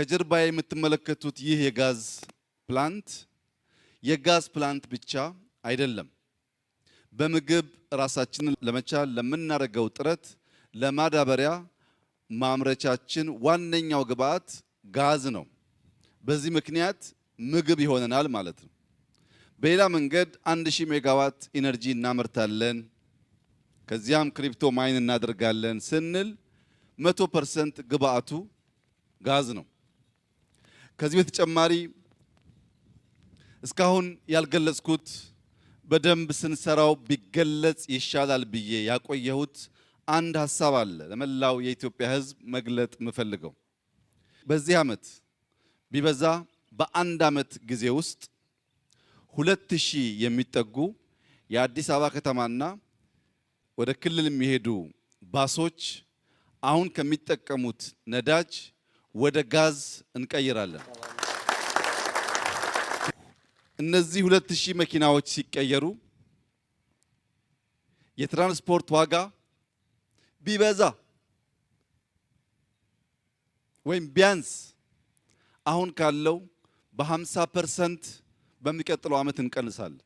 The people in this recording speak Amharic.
ከጀርባ የምትመለከቱት ይህ የጋዝ ፕላንት የጋዝ ፕላንት ብቻ አይደለም። በምግብ ራሳችንን ለመቻል ለምናደርገው ጥረት ለማዳበሪያ ማምረቻችን ዋነኛው ግብዓት ጋዝ ነው። በዚህ ምክንያት ምግብ ይሆነናል ማለት ነው። በሌላ መንገድ 1000 ሜጋዋት ኢነርጂ እናመርታለን፣ ከዚያም ክሪፕቶ ማይን እናደርጋለን ስንል 100% ግብአቱ ጋዝ ነው። ከዚህ በተጨማሪ እስካሁን ያልገለጽኩት በደንብ ስንሰራው ቢገለጽ ይሻላል ብዬ ያቆየሁት አንድ ሀሳብ አለ ለመላው የኢትዮጵያ ሕዝብ መግለጥ የምፈልገው በዚህ ዓመት ቢበዛ በአንድ ዓመት ጊዜ ውስጥ ሁለት ሺህ የሚጠጉ የአዲስ አበባ ከተማና ወደ ክልል የሚሄዱ ባሶች አሁን ከሚጠቀሙት ነዳጅ ወደ ጋዝ እንቀይራለን። እነዚህ 2000 መኪናዎች ሲቀየሩ የትራንስፖርት ዋጋ ቢበዛ ወይም ቢያንስ አሁን ካለው በ50 ፐርሰንት በሚቀጥለው ዓመት እንቀንሳለን።